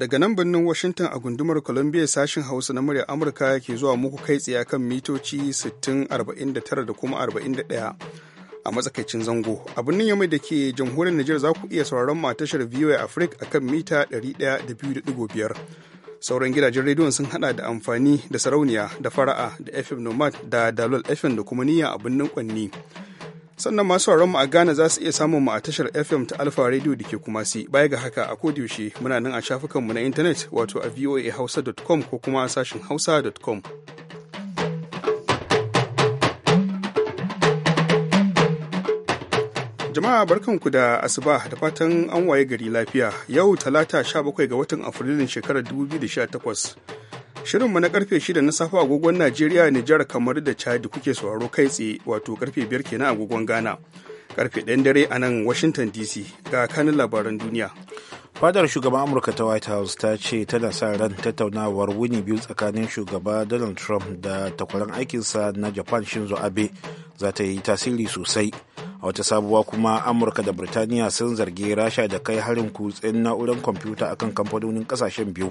Daga nan birnin Washington a gundumar Columbia sashen Hausa na muryar Amurka ke zuwa muku kai tsaye kan mitoci 6.49 da kuma 41. a matsakaicin zango a birnin yamai da ke jamhuriyar Nijar za ku iya sauraron matashar VOA Africa a kan mita 102.5 sauran gidajen rediyon sun hada da amfani da sarauniya da fara'a da FM Nomad da Dalol FM da kuma niyya a birnin Kwanni sannan masu mu a Ghana za su iya samun mu a tashar FM ta Alfa Radio da ke kuma si baya ga haka a yaushe muna nan a shafukan mu na intanet wato a voahausa.com ko kuma sashin hausa.com. Jama'a barkanku da asuba da fatan an waye gari lafiya yau talata 17 ga watan Afrilun shekarar 2018. Shirinmu na karfe shida na safe agogon Najeriya, Nijar, kamar da Chad kuke sauraro kai tsaye wato karfe biyar kenan agogon Ghana. Karfe ɗayan dare a nan Washington DC ga kanin labaran duniya. Fadar shugaban Amurka ta White House ta ce tana sa ran tattaunawar wuni biyu tsakanin shugaba Donald Trump da takwaran aikinsa na Japan Shinzo Abe za ta yi tasiri sosai. A wata sabuwa kuma Amurka da Birtaniya sun zargi Rasha da kai harin kutsen na'urar kwamfuta akan kamfanonin kasashen biyu.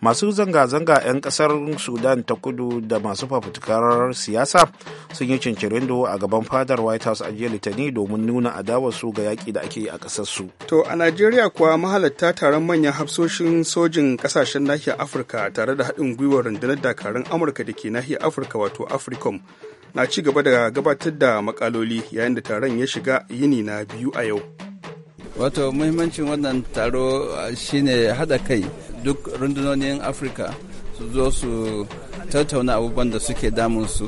masu zanga-zanga 'yan kasar sudan ta kudu da masu fafutukar siyasa sun yi cincirindo a gaban fadar white house a jiya litani domin nuna adawar su ga yaƙi da ake yi a ƙasar su to a najeriya kuwa mahalatta taron manyan hafsoshin sojin kasashen nahiyar afirka tare da haɗin gwiwar rundunar dakarun amurka da ke nahiyar afirka wato africom na ci gaba da gabatar da makaloli yayin da taron ya shiga yini na biyu a yau wato muhimmancin wannan taro uh, shine hada kai duk rundunonin afirka su zo su tattauna abubuwan da suke damunsu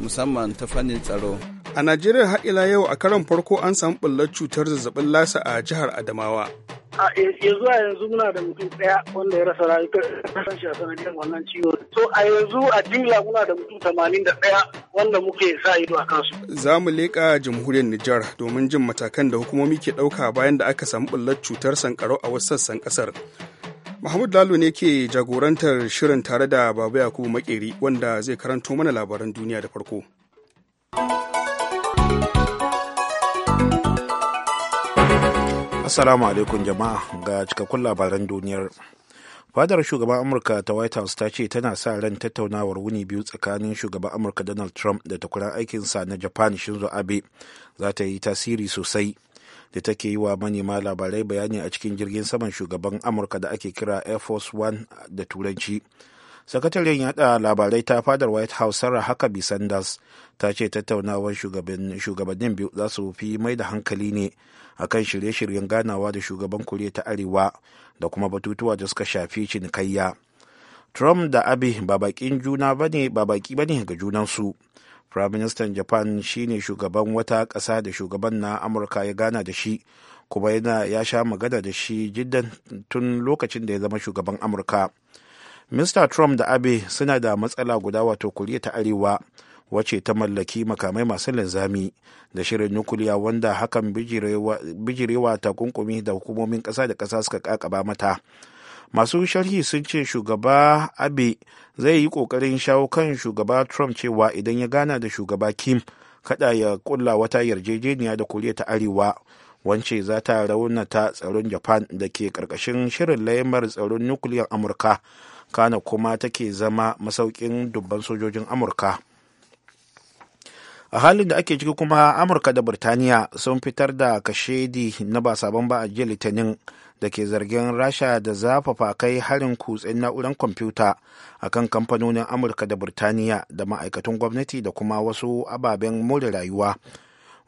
musamman ta fannin tsaro a najeriya haɗila yau a karon farko an samu ɓullar cutar zazzabin lasa a jihar adamawa e, e, Yanzu a yanzu muna da mutum ɗaya wanda ya rasa rayuwar shi a sanadiyar wannan ciwon to a yanzu a jimla muna da mutum tamanin da ɗaya wanda muke sa ido a kansu za mu leƙa jamhuriyar nijar domin jin matakan da hukumomi ke ɗauka bayan da aka samu ɓullar cutar sankarau a wasu sassan ƙasar Mahmud Lalo ne ke jagorantar shirin tare da Babu Yakubu Makeri wanda zai karanto mana labaran duniya da farko. Assalamu alaikum jama'a ga cikakkun labaran duniyar. Fadar shugaban Amurka ta White House ta ce tana sa ran tattaunawar wuni biyu tsakanin shugaban Amurka Donald Trump da aikin aikinsa na Japan Shinzo Abe za ta yi tasiri sosai. da take yi wa manema labarai bayani a cikin jirgin saman shugaban amurka da ake kira air force one da turanci sakataren yada labarai ta fadar white house sarah huckabee sanders ta ce tattaunawar shugabannin biyu za su fi mai da hankali ne a kan shirye-shiryen ganawa da shugaban koriya ta arewa da kuma batutuwa da suka shafi cinikayya trump da abe ba bakin juna bane ba baki bane ga junansu minister japan shine shugaban wata ƙasa da shugaban na amurka ya gana da shi kuma yana ya sha magana da shi jiddan tun lokacin da ya zama shugaban amurka mr trump da abe suna da matsala guda wato kuriya ta arewa wace ta mallaki makamai masu linzami da shirin nukuliya wanda hakan bijirewa ta kunkumi da hukumomin ƙasa da ƙasa suka kakaba mata masu sharhi sun ce shugaba abe zai yi kokarin shawo kan shugaba trump cewa idan ya gana da shugaba kim kada ya kulla wata yarjejeniya da koriya ta arewa wance za ta raunata tsaron japan da ke karkashin shirin laimar tsaron nukiliyar amurka kana kuma take zama masaukin dubban sojojin amurka a halin da ake ciki kuma amurka da birtaniya sun fitar da kashedi na ba sabon ba a jiya litinin da ke zargin rasha da zafafa kai harin kutsen na'urar kwamfuta a kan kamfanonin amurka da burtaniya da ma'aikatan gwamnati da kuma wasu ababen more rayuwa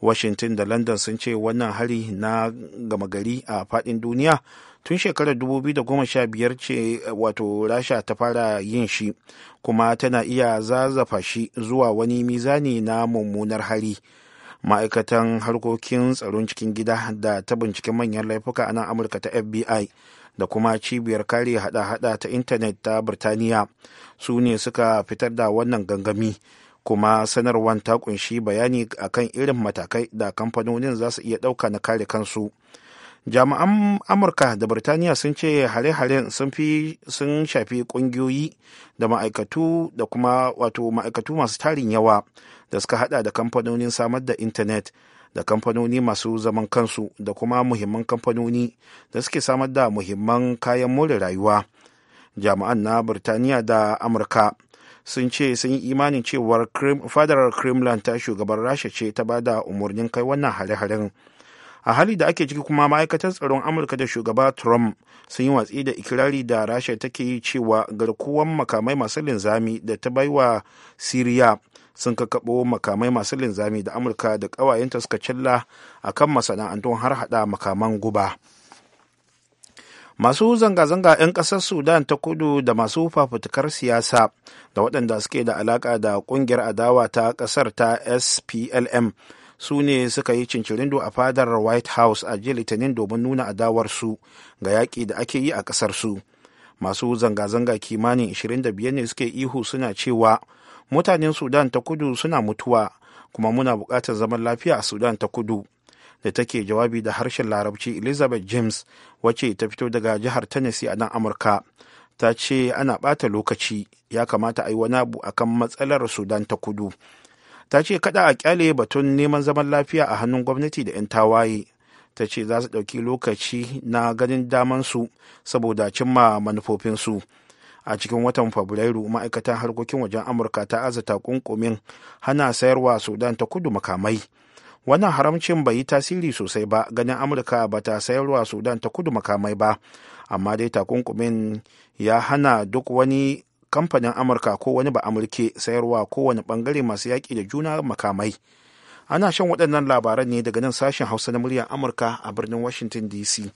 washington da london sun ce wannan hari na gama gari a fadin duniya tun shekarar 2015 ce wato rasha ta fara yin shi kuma tana iya zazzafa shi zuwa wani mizani na mummunar hari. ma'aikatan harkokin tsaron cikin gida da ta binciken manyan laifuka a nan amurka ta fbi da kuma cibiyar kare hada-hada ta intanet ta birtaniya su ne suka fitar da wannan gangami kuma sanarwar ta kunshi bayani akan irin matakai da kamfanonin za su iya dauka na kare kansu jami'an amurka da birtaniya sun ce hare-haren sun shafi kungiyoyi da ma'aikatu da kuma wato ma'aikatu masu tarin yawa da suka hada da kamfanonin samar da intanet da kamfanoni masu zaman kansu da kuma muhimman kamfanoni da suke samar da muhimman kayan more rayuwa jami'an na birtaniya da amurka sun ce sun yi imanin cewar fadar kremlin ta shugaban rasha ce ta bada umarnin kai wannan hare-haren a hali da ake ciki kuma ma'aikatan tsaron amurka da shugaba trump sun yi watsi da ikirari da rasha take yi cewa garkuwan makamai masu linzami da ta baiwa siriya sun kakabo makamai masu linzami da amurka da ƙawayenta suka cilla a kan masana'antun har hada makaman guba masu zanga-zanga 'yan ƙasar sudan ta kudu da masu fafutukar siyasa da waɗanda suke da alaƙa da ƙungiyar adawa ta ƙasar ta splm su ne suka yi cincirindo a fadar white house a jiya litinin domin nuna adawarsu ga yaƙi da ake yi a ƙasar su masu zanga-zanga kimanin 25 ne suke ihu suna cewa mutanen sudan ta kudu suna mutuwa kuma muna buƙatar zaman lafiya a sudan ta kudu da take jawabi da harshen larabci elizabeth james wacce ta fito daga jihar tennessee a nan amurka ta ce ana bata lokaci ya kamata a yi wani abu akan matsalar sudan ta kudu ta ce kada a kyale batun neman zaman lafiya a hannun gwamnati da 'yan tawaye ta ce za su ɗauki lokaci na ganin damansu saboda cimma manufofinsu a cikin watan fabrairu ma'aikatan harkokin wajen amurka ta azata kunkumin hana sayarwa sudan ta kudu makamai wannan haramcin bai yi tasiri sosai ba ganin amurka ba ta sayarwa sudan ta kudu makamai ba amma dai takunkumin ya hana duk wani kamfanin amurka ko wani ba amurke sayarwa kowane bangare masu yaƙi da juna makamai ana shan waɗannan labaran ne daga nan sashen hausa na muryar amurka a birnin washington dc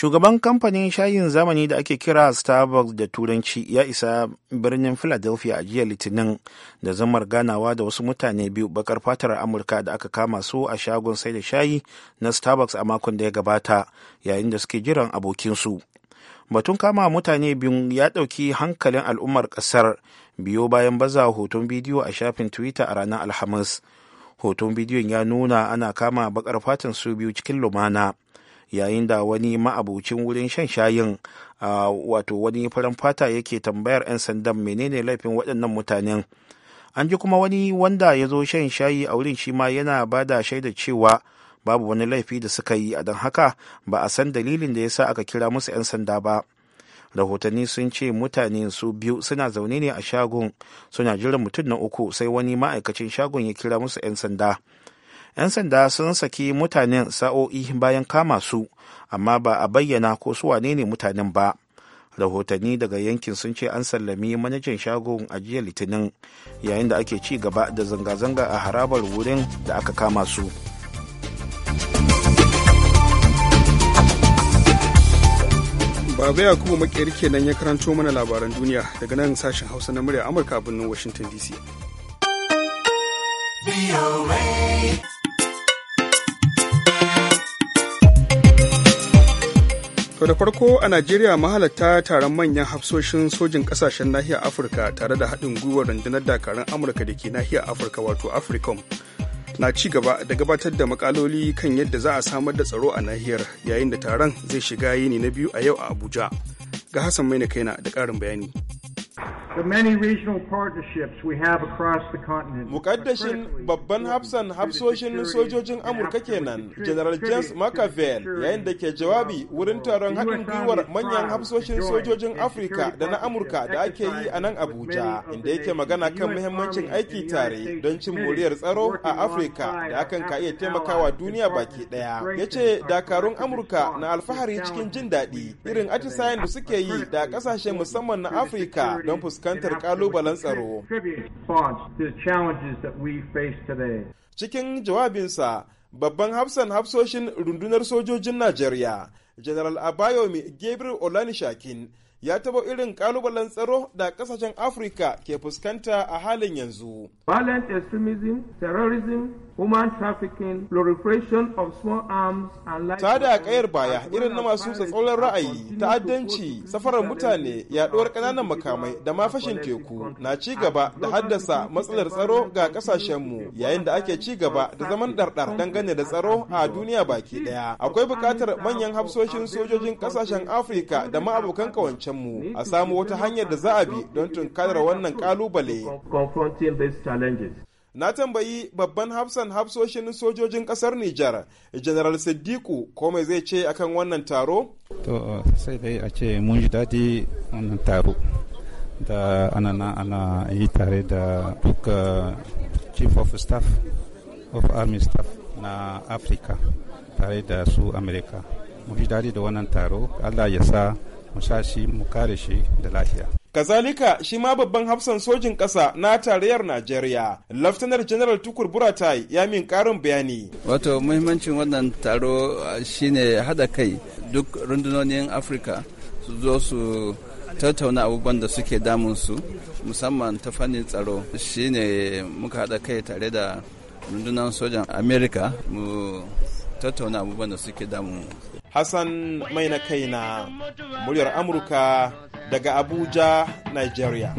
shugaban kamfanin shayin zamani da ake kira starbucks da turanci ya isa birnin philadelphia a jiya litinin da zamar ganawa da wasu mutane biyu bakar fatar amurka da aka kama su a shagon sai da shayi na starbucks a makon da ya gabata yayin da suke jiran abokinsu batun kama mutane biyu ya ɗauki hankalin al'ummar ƙasar biyo bayan baza hoton bidiyo a shafin twitter a ranar alhamis hoton bidiyon ya nuna ana kama bakar fatan su biyu cikin lumana yayin da wani ma'abucin wurin shan shayin a wato wani farin fata yake tambayar 'yan sandan menene laifin waɗannan mutanen an ji kuma wani wanda ya zo shan shayi a wurin shi ma yana ba da shaida cewa babu wani laifi da suka yi a don haka ba a san dalilin da ya sa aka kira musu 'yan sanda ba rahotanni sun ce mutane su biyu suna zaune ne a shagon suna jiran mutum na uku sai wani ma'aikacin shagon ya kira musu 'yan sanda 'yan sanda sun saki mutanen sa'o'i bayan kama su amma ba a bayyana ko su wane ne mutanen ba rahotanni daga yankin sun ce an sallami manajan shagon ajiyar litinin yayin da ake ci gaba da zanga-zanga a harabar wurin da aka kama su baba ya kuma makiyar kenan ya karanto mana labaran duniya daga nan sashen hausa na murya amurka birnin washington dc To da farko a Najeriya mahalarta taron manyan hafsoshin sojin kasashen nahiyar Afirka tare da haɗin gwiwar rundunar dakarun Amurka da ke nahiyar Afirka wato Africom na ci gaba da gabatar da makaloli kan yadda za a samar da tsaro a nahiyar yayin da taron zai shiga yini na biyu a yau a Abuja. Ga Hassan Maina kaina da ƙarin bayani. Mukaddashin babban hafsan hafsoshin sojojin Amurka kenan, General James McAvell yayin da ke jawabi wurin taron haɗin gwiwar manyan hafsoshin sojojin Afirka da na Amurka da ake yi a nan Abuja, inda yake magana kan muhimmancin aiki tare don cin moriyar tsaro a Afirka da hakan ka iya taimakawa duniya baki ɗaya. Ya ce dakarun Amurka na alfahari cikin jin daɗi irin atisayen da suke yi da ƙasashe musamman na Afirka don fuska. fuskantar kalubalen tsaro. Cikin jawabinsa, babban hafsan hafsoshin rundunar sojojin Najeriya, General Abayomi Gabriel shakin. ya taba irin kalubalen tsaro da kasashen afirka ke fuskanta a halin yanzu violent extremism terrorism human trafficking proliferation of small arms and ta da kayar baya irin na masu tsatsauran ra'ayi ta'addanci safarar mutane yaɗuwar ƙananan makamai da ma fashin teku na ci gaba da haddasa matsalar tsaro ga kasashenmu yayin da ake ci gaba da zaman ɗarɗar dangane da tsaro a duniya baki ɗaya. akwai buƙatar manyan hafsoshin sojojin kasashen afirka da ma abokan kawance ƙasashenmu a samu wata hanyar da za a bi don tunkarar wannan kalubale. Na tambayi babban hafsan hafsoshin sojojin kasar Nijar, General Siddiku, ko mai zai ce akan wannan taro? To, sai dai a ce mun ji daɗi wannan taro. Da ana na ana yi tare da duk Chief of Staff of Army Staff na Afirka tare da su Amerika. Mun ji daɗi da wannan taro, Allah ya sa mu sa shi mu kare shi da lafiya kazalika shi ma babban hafsan sojin ƙasa na tarayyar najeriya laftanar general tukur buratai ya min karin bayani wato muhimmancin wannan taro ah, shine haɗa kai duk rundunonin afirka su zo su tattauna abubuwan da suke damunsu musamman ta fannin tsaro shine muka hada kai tare da rundunar sojan amerika mu tattauna abubuwan da suke damu. Hassan mai na kai na muryar Amurka daga Abuja, Nigeria.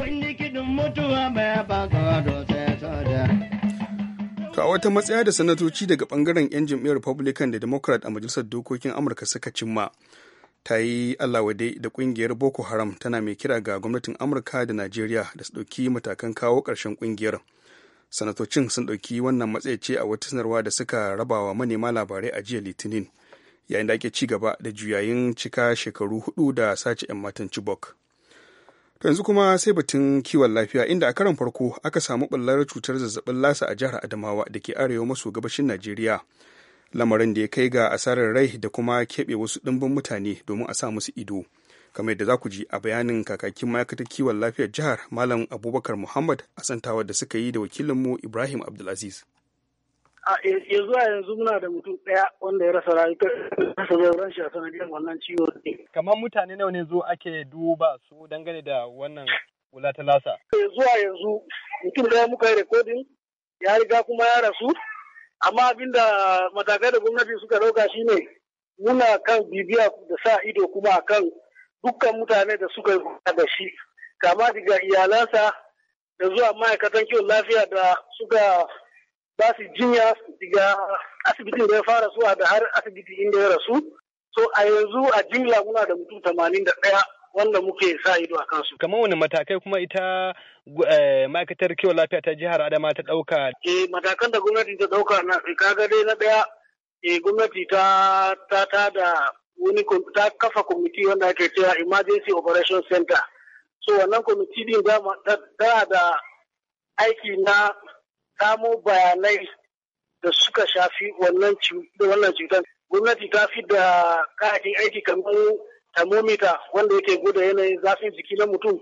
To a wata matsaya da sanatoci daga bangaren 'yan jam'iyyar Republican da Democrat a Majalisar Dokokin Amurka suka cimma. ta yi allawade da kungiyar boko haram tana mai kira ga gwamnatin amurka da najeriya da su ɗauki matakan kawo ƙarshen kungiyar sanatocin sun ɗauki wannan matsayace a wata sanarwa da suka rabawa manema labarai a jiya litinin yayin da ake ci gaba da juyayin cika shekaru hudu da sace 'yan matan chibok to yanzu kuma sai batun kiwon lafiya inda a karon farko aka samu ɓullar cutar zazzabin lasa a jihar adamawa da ke arewa maso gabashin najeriya lamarin da ya kai ga asarar rai da kuma keɓe wasu ɗimbin mutane domin a sa musu ido kamar yadda za ku ji a bayanin kakakin ma'aikatar kiwon lafiyar jihar malam abubakar muhammad a santawar da suka yi da wakilinmu ibrahim abdulaziz yanzu a yanzu muna da mutum daya wanda ya rasa rayuwar shi a sanadiyar wannan ciwo kamar mutane nawa ne zo ake duba su dangane da wannan wulata ta lasa yanzu a yanzu mutum daya muka yi rikodin ya riga kuma ya rasu amma abinda matakai da gwamnati suka ɗauka shine muna kan bibiya da sa ido kuma akan dukkan mutane da suka yi da shi kama daga iyalansa da zuwa ma'aikatan kiwon lafiya da suka ba su jinya daga asibitin da ya fara zuwa da har asibiti inda ya rasu so a yanzu a jimla muna da mutum tamanin da ɗaya wanda muke sa ido a kansu. Kamar wani matakai kuma ita eh, ma'aikatar kiwon lafiya ta jihar Adama ta dauka Eh matakan da gwamnati ta ɗauka na kaga dai na ɗaya e gwamnati ta ta da wani ta kafa kwamiti wanda ake cewa emergency operation center so wannan kwamiti din tana da aiki na samo bayanai da suka shafi wannan cutar gwamnati ta fi da kayakin aiki kamar thermometer wanda yake gwada yanayin zafin jiki na mutum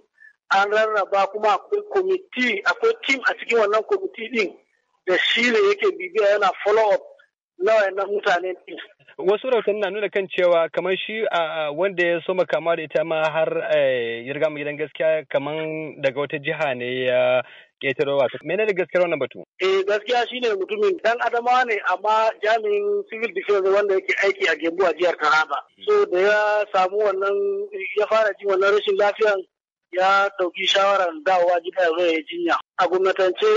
an rarraba kuma akwai kwamiti akwai tim a cikin wannan kwamiti din da shi ne yake bibiya yana follow up na wayannan mutane wasu rahotanni na nuna kan cewa kamar shi a wanda ya soma kama da ita ma har eh, ya riga mu gidan gaskiya kamar daga wata jiha ne ya ƙetaro wato mene da gaskiya wannan batu eh gaskiya shine mutumin dan adamawa ne amma jami'in civil defense wanda yake aiki a gembu a jihar taraba so da ya samu wannan ya fara jin wannan rashin lafiyan ya ɗauki shawarar dawowa gida ya zai jinya a gwamnatance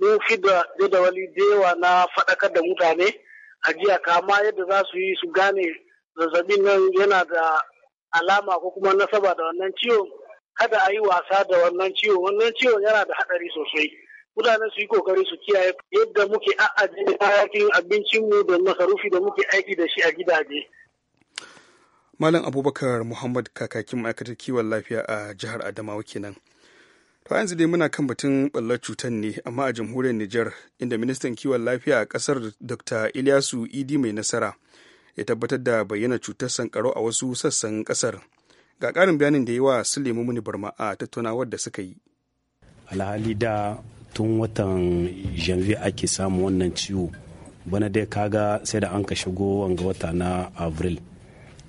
mun fi da jadawali da yawa na faɗakar da mutane ajiya kama yadda za su yi su gane zazzabin nan yana da alama ko kuma nasaba da wannan ciwon kada a yi wasa da wannan ciwon wannan ciwon yana da haɗari sosai mutane su yi kokari su kiyaye yadda muke a'aje kayakin abincinmu da masarufi da muke aiki da shi a gidaje malam abubakar muhammad kakakin ma'aikatar kiwon lafiya a jihar adamawa kenan To yanzu dai muna kan batun ɓallar cutar ne amma a jamhuriyar Nijar inda ministan kiwon lafiya a ƙasar Dr. Ilyasu Idi mai nasara ya tabbatar da bayyana cutar sankarau a wasu sassan kasar Ga karin bayanin da yi wa Sulemu Muni Barma a tattaunawar da suka yi. Alhali da tun watan janvier ake samu wannan ciwo bana dai kaga sai da an ka shigo wanga wata na avril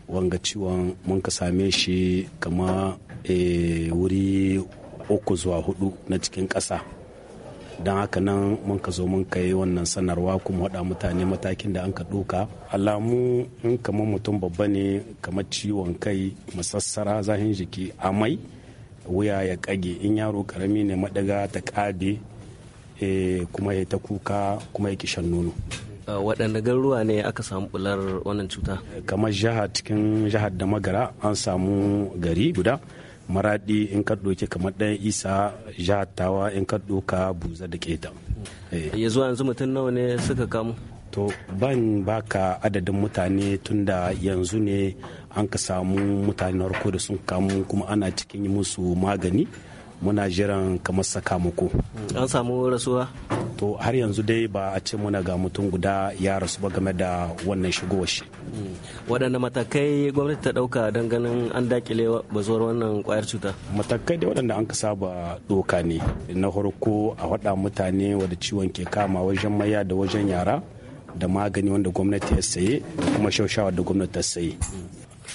wanga ciwon mun ka same shi kama eh, wuri uku zuwa hudu na cikin ƙasa don haka nan mun ka zo mun ka yi wannan sanarwa kuma waɗa mutane matakin da an ka ɗuka. alamu in kamar mutum babba ne kamar ciwon kai masassara zahin jiki amai wuya ya ƙage in yaro ƙarami ne madaga ta ƙade eh, kuma ya ta kuka kuma ya kishan nono waɗanda garuruwa ne aka samu bular wannan cuta kamar jihar cikin jihar da magara an samu gari guda Maraɗi in ka kamar ɗan isa jatawa in ka ɗauka buza da keta eh. ya zuwa yanzu mutum nawa ne suka kamu to ban baka adadin mutane tunda yanzu ne an ka samu mutane na da sun kamu kuma ana cikin musu magani muna jiran kamar sakamako an samu rasuwa to har yanzu dai ba a ce muna ga mutum guda ya rasu ba game da wannan shigowar shi hmm. waɗanda matakai gwamnati ta ɗauka don ganin an dakile bazuwar wannan kwayar cuta matakai da waɗanda an ka saba doka ne na farko a waɗa mutane wadda ciwon ke kama wajen maya da wajen yara da magani wanda gwamnati ya saye da kuma shaushawa da gwamnati ta saye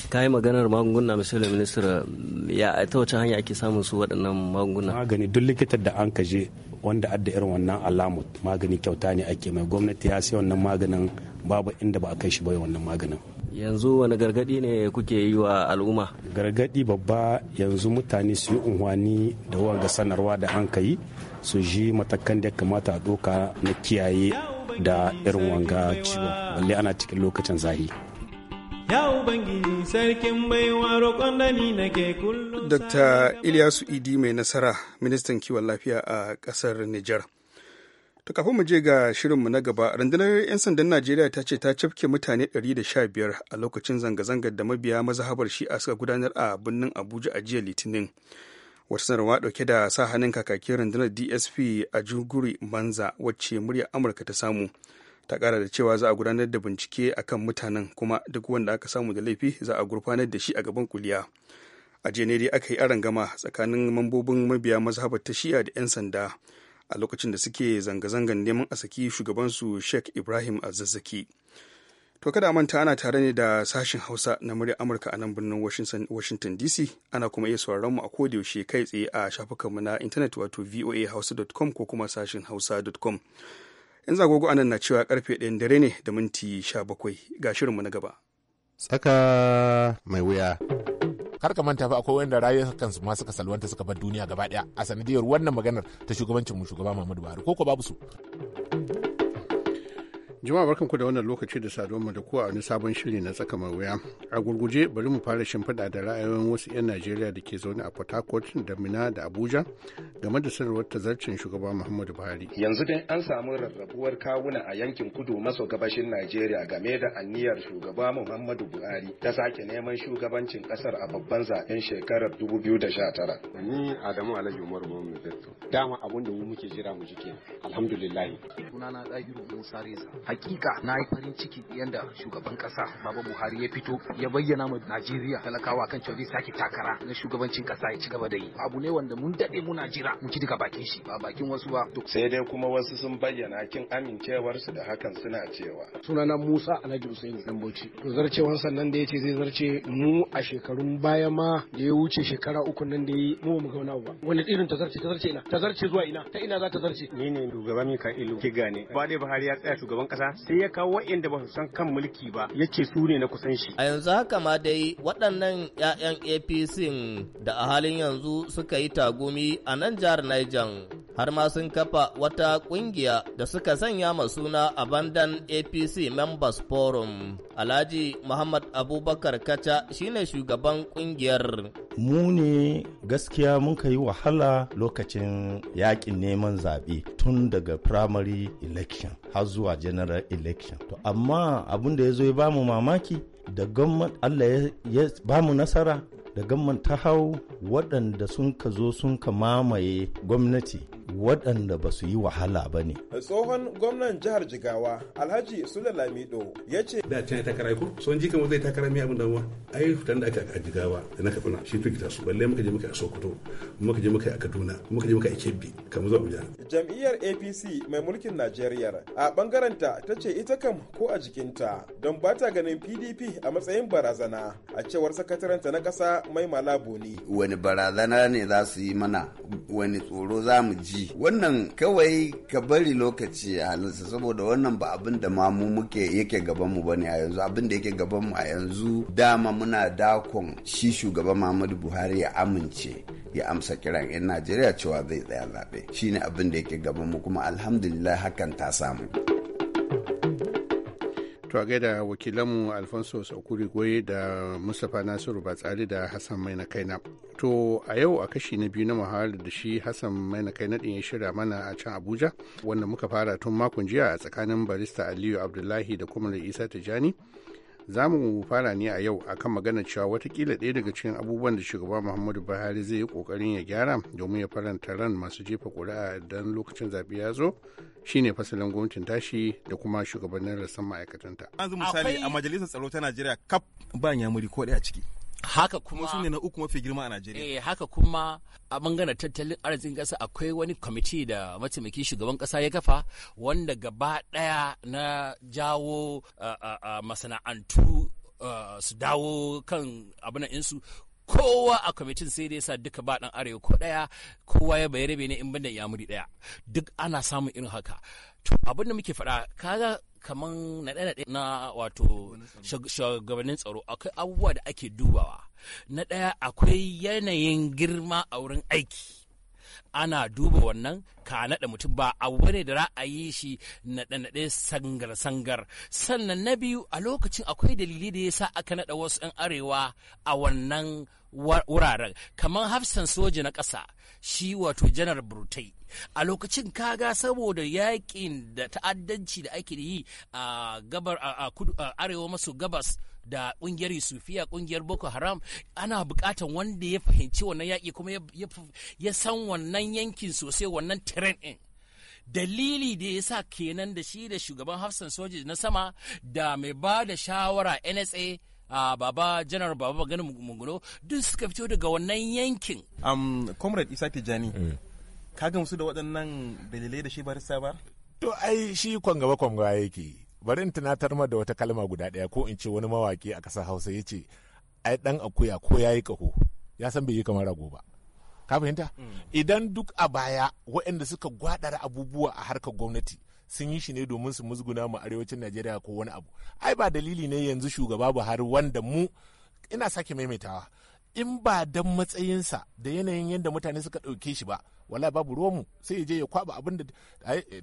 ka yi maganar magunguna misali minister ya ta wace hanya ake samun su waɗannan magunguna magani duk likitar da an kaje wanda adda irin wannan alamu magani kyauta ne ake mai gwamnati ya sai wannan maganin babu inda ba a kai shi ba wannan maganin yanzu wani gargadi ne kuke yi wa al'umma gargadi babba yanzu mutane su yi unhwani da wanga sanarwa da an yi su ji matakan da kamata a doka na kiyaye da irin wanga ciwo balle ana cikin lokacin zahi Ya Ubangiji sarkin baiwa roƙon nake kullum. Dr. Ilyasu Idi mai nasara, ministan kiwon lafiya a ƙasar Nijar. To kafin mu je ga shirinmu na gaba, rundunar 'yan sandan Najeriya ta ce ta cafke mutane 115 a lokacin zanga-zangar da mabiya mazahabar a suka gudanar a birnin Abuja a jiya Litinin. Wata sanarwa dauke da sa hannun kakakin rundunar DSP a Juguri Manza wacce murya Amurka ta samu. ta kara da cewa za a gudanar da bincike a kan mutanen kuma duk wanda aka samu da laifi za a gurfanar da shi a gaban kuliya a jiya na dai aka yi gama tsakanin mambobin mabiya mazhabar ta shi'a da 'yan sanda a lokacin da suke zanga-zangan neman a saki shugabansu sheikh ibrahim azazzaki to kada manta ana tare ne da sashen hausa na murya amurka a nan birnin washington dc ana kuma iya sauraron mu a yaushe kai tsaye a shafukanmu na intanet wato hausa.com ko kuma sashen hausa.com yanzu agogo anan na cewa karfe ɗayan dare ne da minti sha bakwai ga shirinmu na gaba tsaka mai wuya kar ka manta fa akwai wanda rayuwar kansu ma suka salwanta suka bar duniya gaba daya a sanadiyar wannan maganar ta shugabancin mu shugaba Muhammadu Buhari ko ko babu su Jama'a ku da wannan lokaci da saduwa da ku a wani sabon shiri na tsaka mai wuya. A gurguje bari mu fara shimfiɗa da ra'ayoyin wasu 'yan Najeriya da ke zaune a Port Harcourt da Mina da Abuja game da sanarwar tazarcin shugaba Muhammadu Buhari. Yanzu dai an samu rarrabuwar kawuna a yankin kudu maso gabashin Najeriya game da anniyar shugaba Muhammadu Buhari ta sake neman shugabancin kasar a babban zaben shekarar 2019. Ni Adamu Alhaji Umar Muhammad Dama abun da mu muke jira mu ji kenan. Alhamdulillah. Sunana Dahiru Musa Reza. hakika na yi farin ciki yadda shugaban kasa baba buhari ya fito ya bayyana mu najeriya talakawa kan cewa zai sake takara na shugabancin kasa ya ci gaba da yi abu ne wanda mun dade muna jira mu ci daga bakin shi ba bakin wasu ba sai dai kuma wasu sun bayyana kin amincewar su da hakan suna cewa sunana musa alhaji usain damboci to zarcewan sannan da yace zai zarce mu a shekarun baya ma da ya wuce shekara uku nan da yi mu mu ga wani ba wani irin ta zarce ta zarce ina ta zarce zuwa ina ta ina za ta zarce ni ne shugaba mika ilu ki ne ba dai buhari ya tsaya shugaban kasa kaza sai ya kawo waɗanda ba su san kan mulki ba yace ce su ne na kusan shi. A yanzu haka ma dai waɗannan 'ya'yan APC da a halin yanzu suka yi tagumi a nan jihar Niger har ma sun kafa wata ƙungiya da suka sanya ma suna Abandon APC Members Forum. Alhaji Muhammad Abubakar Kacha shine shugaban ƙungiyar. Mu ne gaskiya mun yi wahala lokacin yaƙin neman zaɓe tun daga primary election. har zuwa general election to amma abin da ya zo ya bamu mamaki da gwamnati allah ya bamu nasara da gwamnati ta hau waɗanda sun ka zo sun ka mamaye gwamnati waɗanda ba su yi wahala ba ne. Tsohon gwamnan jihar Jigawa Alhaji Sule Lamido ya ce. Da can ya takara ko son ji kamar zai takara mai abin damuwa. Ai fitan da aka a Jigawa da na kafina shi firgita su balle muka je muka a Sokoto muka je muka a Kaduna muka je muka a Kebbi kamar zuwa Abuja. Jam'iyyar APC mai mulkin Najeriya a bangaren ta ta ce ita kam ko a jikinta don ba ta ganin PDP a matsayin barazana a cewar sakataren ta na ƙasa mai malabo ne. Wani barazana ne za su yi mana wani tsoro za mu ji ciki wannan kawai ka bari lokaci a halinsa saboda wannan ba abin da ma mu muke yake gaban mu bane a yanzu abin da yake gaban mu a yanzu dama muna dakon shi shugaban Muhammadu Buhari ya amince ya amsa kiran 'yan Najeriya cewa zai tsaya zaɓe shine abin da yake gaban mu kuma alhamdulillah hakan ta samu. To a gaida wakilanmu Alfonso saukuri Goye da Mustapha Nasiru Batsari da Hassan kai Kaina. To a yau a kashi na biyu na muhawar da shi Hassan na Kaina din ya shirya mana a can Abuja wanda muka fara tun makon jiya a tsakanin barista Aliyu Abdullahi da kuma Isa Tijani za mu fara ne a yau a kan magana cewa watakila ɗaya daga cikin abubuwan da shugaba muhammadu buhari zai yi ƙoƙarin ya gyara domin ya faranta ran masu jefa ƙuri'a don lokacin zaɓe ya zo shine fasalin gwamnatin tashi da kuma shugabannin rassan ma'aikatanta. yanzu misali a majalisar tsaro ta najeriya kaf ba nyamuri ko ɗaya ciki haka kuma su ne na uku mafi girma a Najeriya. Eh haka kuma a bangaren tattalin arzikin kasa akwai wani kwamiti da mataimakin shugaban kasa ya kafa wanda gaba ɗaya na jawo masana'antu su dawo kan abin insu kowa a kwamitin sai dai sa duka ba dan arewa ko daya kowa ya bayyana ne in banda yamuri daya duk ana samun irin haka to abin da muke faɗa kaga kaman naɗe-naɗe na wato shugabannin tsaro akwai abubuwa da ake dubawa na ɗaya akwai yanayin girma a wurin aiki ana duba wannan ka naɗa mutum ba abu bane da ra'ayi shi naɗe-naɗe sangar-sangar sannan na biyu a lokacin akwai dalili da ya sa aka naɗa wasu 'yan arewa a wannan wuraren kamar hafsan soja na ƙasa shi wato janar burtai a lokacin kaga saboda yakin da ta'addanci da ake yi a gabar a kudu a arewa maso gabas da kungiyar yusufiya kungiyar boko haram ana bukatan wanda ya fahimci wannan yaƙi kuma ya san wannan yankin sosai wannan tren din dalili da ya sa kenan da shi da shugaban hafsan soji na sama da mai ba da shawara nsa a baba janar baba gani mungulo duk suka fito daga wannan yankin um comrade isa tijani mm. ka gamsu da waɗannan dalilai da shi barista ba to ai shi kwangaba kwangaba yake bari in tunatar ma da wata kalma guda ɗaya ko in ce wani mawaki a ƙasar hausa ya ce ai ɗan akuya ko ya yi ƙaho ya san bai yi kamar rago ba ka fahimta mm. idan duk a baya waɗanda suka gwadara abubuwa a harkar gwamnati sun yi shi ne domin su musguna mu arewacin najeriya ko wani abu ai ba dalili ne yanzu shugaba buhari wanda mu ina sake maimaitawa in ba dan matsayinsa da yanayin yadda mutane suka ɗauke shi ba wala babu romu sai ya je ya kwaba abin da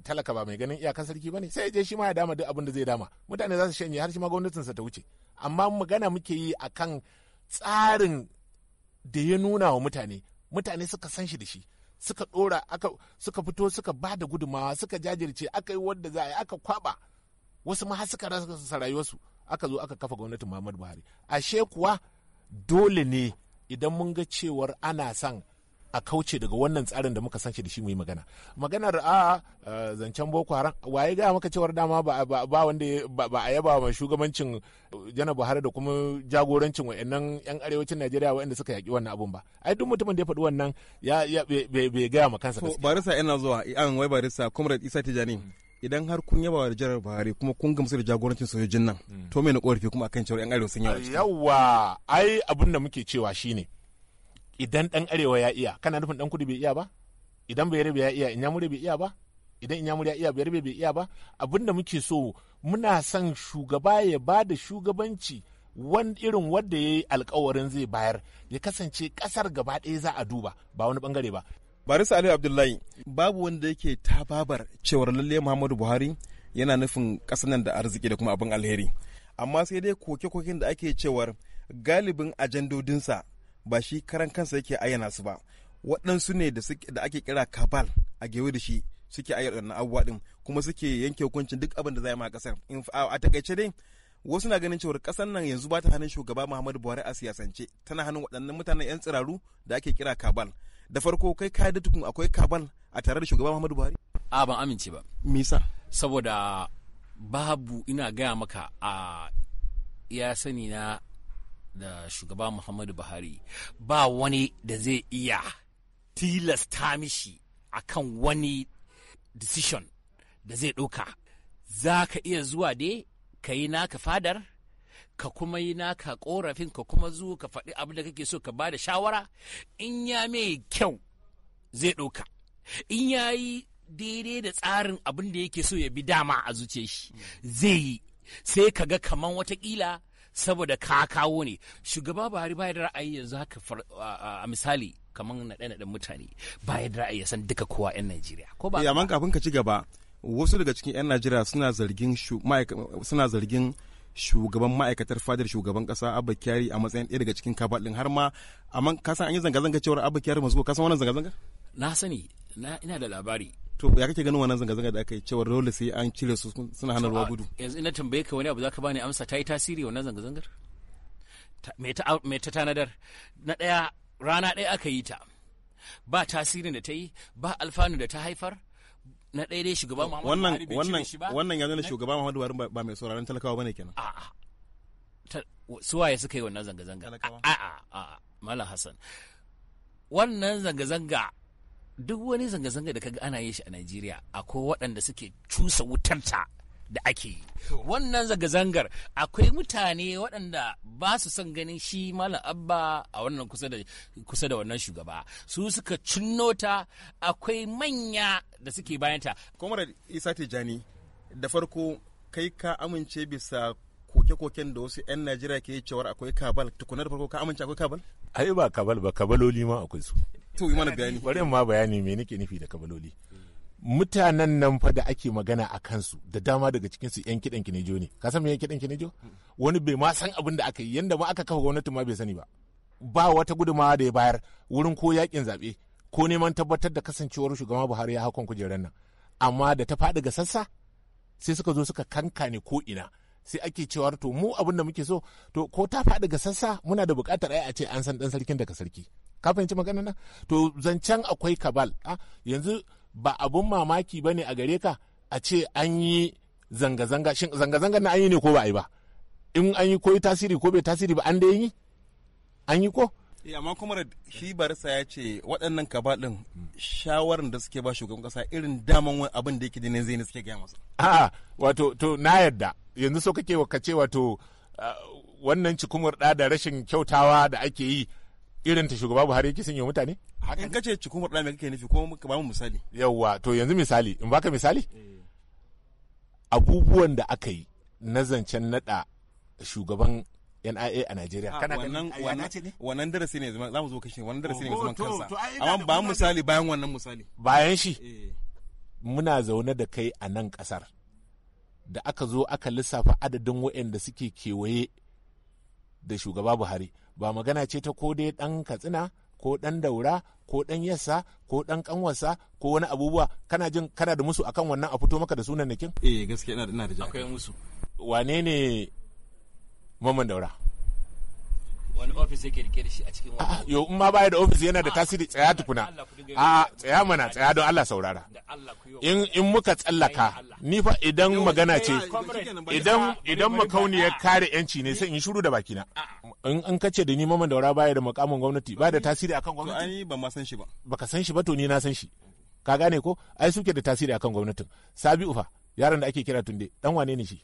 talaka ba mai ganin iyakan sarki ba ne sai ya je shi ma ya dama duk abin da zai dama mutane za su shanye har shi ma gwamnatinsa ta wuce amma magana muke yi akan tsarin da ya nuna wa mutane mutane suka san shi da shi suka dora aka suka fito suka ba da gudumawa suka jajirce aka yi wanda za a yi aka kwaba wasu ma suka rasa rayuwarsu aka zo aka kafa gwamnati Muhammadu Buhari ashe kuwa dole ne idan mun ga cewar ana san. a kauce daga wannan tsarin da muka san shi da shi mu yi magana maganar a zancen boko haram waye ga maka cewar dama ba ba wanda ba a yaba ma shugabancin uh, jana buhari da kuma jagorancin wayannan yan arewacin najeriya wayanda suka yaki wannan abun ba ai duk mutumin da ya faɗi wannan ya bai gaya ma kansa gaskiya barisa yana zuwa an wai barisa comrade isa tijani mm. idan har kun yaba da jarar buhari kuma kun gamsu da jagorancin sojojin nan mm. to me na korafi kuma akan cewa yan arewa sun yawa yawa ai abin da muke cewa shine idan dan arewa ya iya kana nufin dan kudu bai iya ba idan bai rabe ya iya inyamuri bai iya ba idan inyamuri ya iya bai rabe bai iya ba abinda muke so muna son shugaba ya ba da shugabanci wani irin wanda ya yi alkawarin zai bayar ya kasance kasar gaba ɗaya za a duba ba wani bangare ba barisa aliyu abdullahi babu wanda yake tababar cewar lalle muhammadu buhari yana nufin ƙasar nan da arziki da kuma abin alheri amma sai dai koke-koken da ake cewar galibin ajandodinsa ba shi karan kansa yake ayyana su ba waɗansu ne da ake kira kabal a gewe da shi suke ayyana abubuwa din kuma suke yanke hukuncin duk abin da za a yi ma kasar a takaice dai wasu na ganin cewar kasar nan yanzu ba ta hannun shugaba muhammadu buhari a siyasance tana hannun waɗannan mutanen yan tsiraru da ake kira kabal da farko kai ka da tukun akwai kabal a tare da shugaba muhammadu buhari a ban amince ba misa saboda babu ina gaya maka a ya sani na da shugaba muhammadu buhari ba wani da zai iya tilasta mishi akan wani decision da zai ɗauka za ka iya zuwa dai ka yi naka fadar ka kuma yi naka korafin ka kuma zuwa ka faɗi abin da kake so ka ba da shawara in ya mai kyau zai ɗauka in ya yi daidai da tsarin abin da yake so ya bi dama a zuce shi zai yi sai ka ga kaman watakila saboda ka kawo ne shugaba buhari ba da ra'ayi yanzu haka a misali kamar na naɗen mutane ba da ra'ayi ya san duka kowa 'yan najeriya ko ba eh, amma kafin ka ci gaba wasu daga cikin 'yan najeriya suna zargin suna zargin shugaban ma'aikatar fadar shugaban kasa abba kyari a matsayin ɗaya daga cikin kabaɗin har ma amma kasan an yi zanga-zanga cewar abba kyari masu kasan wannan zanga-zanga na sani na ina da labari to ya kake ganin wannan zanga-zanga da aka yi cewa dole sai an cire su suna hana ruwa gudu yanzu ina tambaye ka wani abu ka bani amsa ta yi tasiri wannan zanga-zangar me ta tanadar na ɗaya rana ɗaya aka yi ta ba tasirin da ta yi ba alfanu da ta haifar na ɗaya dai shugaba Muhammadu Buhari bai cire shi ba wannan ya nuna shugaba Muhammadu Buhari ba mai sauraron talakawa bane kenan suwaye suka yi wannan zanga-zanga a'a a'a Malam Hassan wannan zanga-zanga duk wani zanga-zanga da kaga ana yin shi a Najeriya akwai waɗanda suke cusa wutarta da ake yi. Wannan zanga-zangar akwai mutane waɗanda ba su son ganin shi Malam Abba a wannan kusa da wannan shugaba. Su suka cinnota akwai manya da suke bayanta. Comrade Isa Tijani da farko kai ka amince bisa koke-koken da wasu 'yan Najeriya ke yi cewar akwai kabal tukunar farko ka amince akwai kabal? Ai ba kabal ba kabaloli ma akwai su. to yi mana bayani bari ma bayani me nake nufi da kabaloli mutanen nan fa da ake magana a kansu da dama daga cikin su yan kidan kinejo ne ka san me yan kidan kinejo wani bai ma san abin da aka yi yanda ma aka kafa gwamnati ma bai sani ba ba wata gudumawa da ya bayar wurin ko yakin zabe ko neman tabbatar da kasancewar shugaba Buhari ya hakan kujerar nan amma da ta faɗi ga sassa sai suka zo suka kankane ko ina sai ake cewar to mu abin da muke so to ko ta faɗi ga sassa muna da buƙatar ai a ce an san dan sarkin daga sarki ka fahimci maganar nan to zancen akwai kabal ah, yanzu ba abun mamaki ba ne a gare ka a ce an yi zanga-zanga shin zanga-zanga na an yi ne ko ba a yi ba in an yi ko yi tasiri ko bai tasiri ba an da yi an yi ko eh, amma kuma shi barisa ya ce waɗannan kabaɗin shawarar da suke ba shugaban kasa irin daman abin da yake ne zai suke gaya masa a wato to na yadda yanzu so kake ka ce wato ah, wannan cikumar da da rashin kyautawa da ake yi irin ta shugaba Buhari yake sanya mutane in kace cikin ɗaya me kake nufi ko ka ba mu misali yawwa to yanzu misali in baka misali eh. abubuwan da aka yi na zancen naɗa shugaban NIA a Najeriya. Ah, Kana ganin wannan wannan darasi ne za mu zo kashi wannan darasi ne oh, zaman kansa. Amma ba misali bayan wannan misali. Bayan shi eh. muna zaune da kai a nan kasar. Da aka zo aka lissafa adadin waɗanda suke kewaye da shugaba Buhari. ba magana ce ta ko dai ɗan katsina ko ɗan daura ko ɗan yassa ko ɗan ƙanwarsa ko wani abubuwa kana jin kana da musu akan wannan a fito maka da sunan nakin eh gaskiya ina da jaka. akwai musu wane ne maman daura wani ofis yake rike shi a cikin wani yo ma baya da ofis yana da tasiri tsaya tukuna a tsaya mana tsaya don Allah saurara in in muka tsallaka ni fa idan magana ce idan idan makauniyar ah. kare yanci ne sai in shuru da bakina ah. in an kace da ni maman daura baya da makamin gwamnati ba da tasiri akan gwamnati ani ba ma san shi ba baka san shi ba to ni na san shi ka gane ko ai suke da tasiri akan gwamnatin sabi ufa yaron da ake kira tunde dan wane ne shi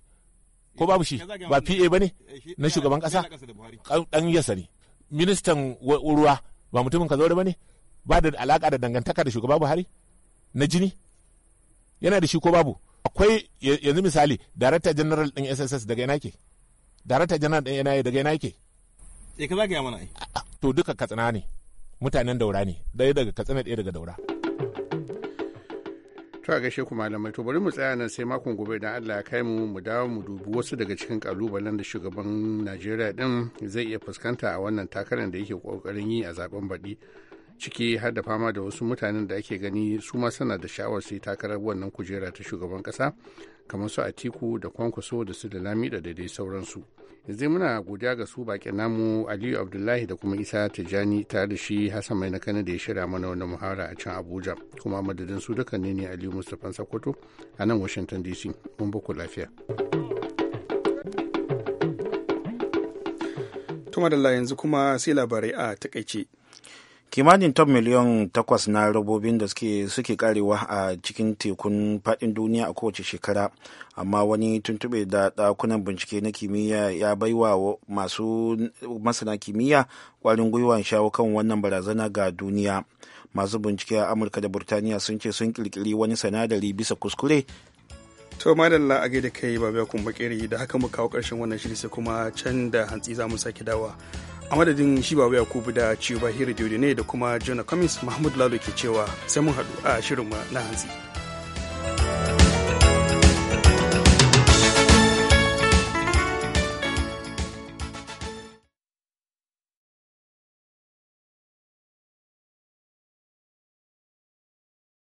ko babu shi ba PA ba ne na shugaban kasa dan yasa ne ministan ruwa ba mutumin ka zaure ba ne ba da alaka da dangantaka da shugaba Buhari na jini yana da shi ko babu akwai yanzu misali darakta general din SSS daga ina ke darakta general din ina daga ina ke eh ka zagaya mana ai to duka katsina ne mutanen daura ne ɗaya daga katsina ɗaya daga daura To a gaishe ku malamai to bari mu tsaya nan sai makon gobe idan Allah ya kai mu mu dawo mu dubi wasu daga cikin kalubalen da shugaban Najeriya din zai iya fuskanta a wannan takarar da yake kokarin yi a zaben baɗi. Ciki har da fama da wasu mutanen da ake gani su ma suna da sha'awar su yi takarar wannan kujera ta shugaban kasa kamar su Atiku da Kwankwaso da su da Lami da dai sauransu. yanzu muna godiya ga su bakin namu aliyu abdullahi da kuma isa tijjani tare da shi hassan mai nakani da ya shirya mana wani muhara a can abuja kuma madadin su duka ne ne aliyu mustapha sakoto a nan washington dc mun baku lafiya tuma da yanzu kuma sai labarai a takaice kimanin ton miliyan takwas na robobin da suke karewa a cikin tekun fadin duniya a kowace shekara amma wani tuntube da dakunan bincike na kimiyya ya baiwa masu masana kimiyya kwarin gwiwa shawo kan wannan barazana ga duniya masu bincike a amurka da burtaniya sun ce sun kirkiri wani sanadari bisa kuskure to madalla a gaida kai babu ya kun da haka mu kawo karshen wannan shiri sai kuma can da hantsi za mu sake dawa a madadin shi wuya yakubu da ciwo bahira ne da kuma jona cummins mahmud lalo ke cewa sai mun haɗu a shirin shirinmu na hantsi.